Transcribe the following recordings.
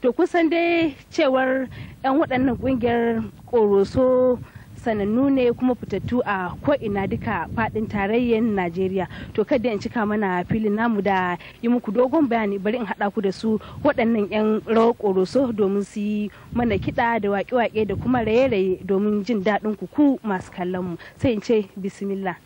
to kusan dai cewar 'yan waɗannan ƙungiyar ƙoroso sanannu ne kuma fitattu a ko'ina duka fadin tarayyar najeriya to kada in cika mana filin namu da yi muku dogon bayani bari in haɗa ku da su waɗannan 'yan rawar ƙoroso domin su yi mana kiɗa da waƙe-waƙe da kuma raye-raye domin jin daɗin ku ku masu kallon mu sai in ce bismillah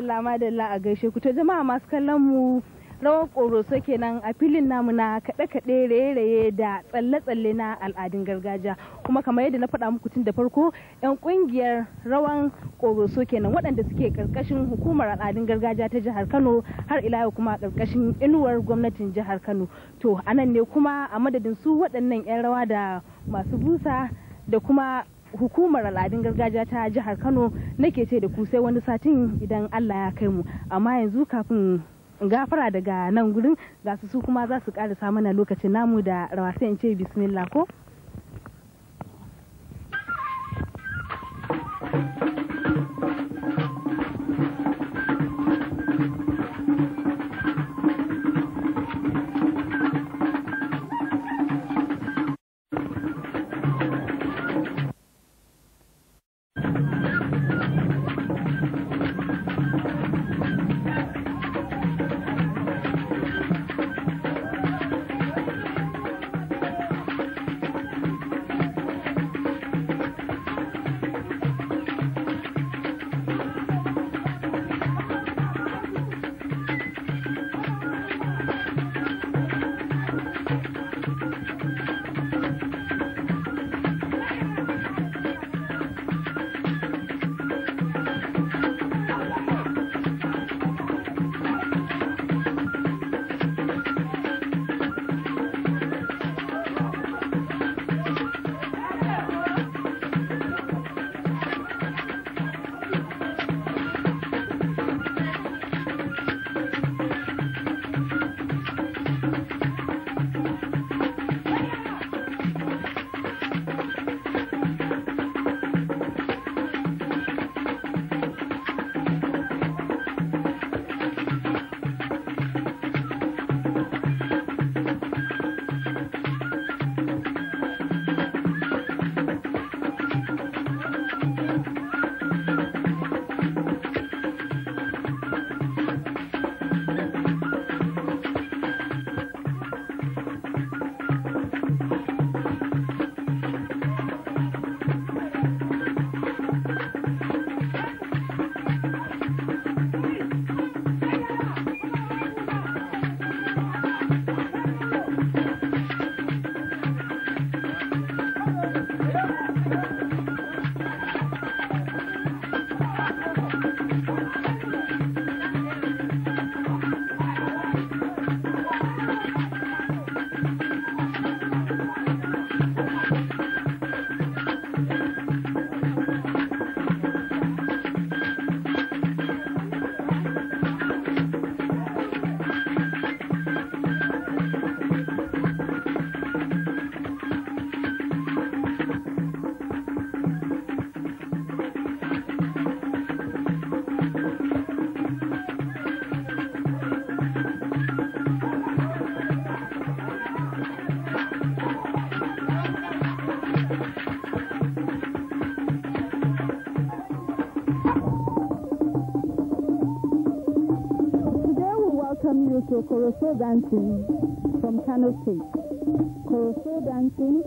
madalla madalla a gaishe ku to jama'a masu kallon mu rawar ƙoroso kenan a filin namu na kaɗe-kaɗe raye-raye da tsalle-tsalle na al'adun gargajiya kuma kamar yadda na faɗa muku tun da farko 'yan ƙungiyar rawan ƙoroso kenan waɗanda suke ƙarƙashin hukumar al'adun gargajiya ta jihar kano har ila yau kuma ƙarƙashin inuwar gwamnatin jihar kano to anan ne kuma a madadin su waɗannan 'yan rawa da masu busa da kuma hukumar al'adun gargajiya ta jihar kano nake ce da ku sai wani satin idan allah ya kai mu amma yanzu kafin gafara daga nan gurin ga su su kuma za su karisa mana lokacin namu da rawa sai in ce bismillah ko thank you Koroso dancing from Kano State. Koroso dancing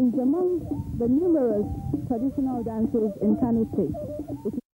is among the numerous traditional dances in Kano State.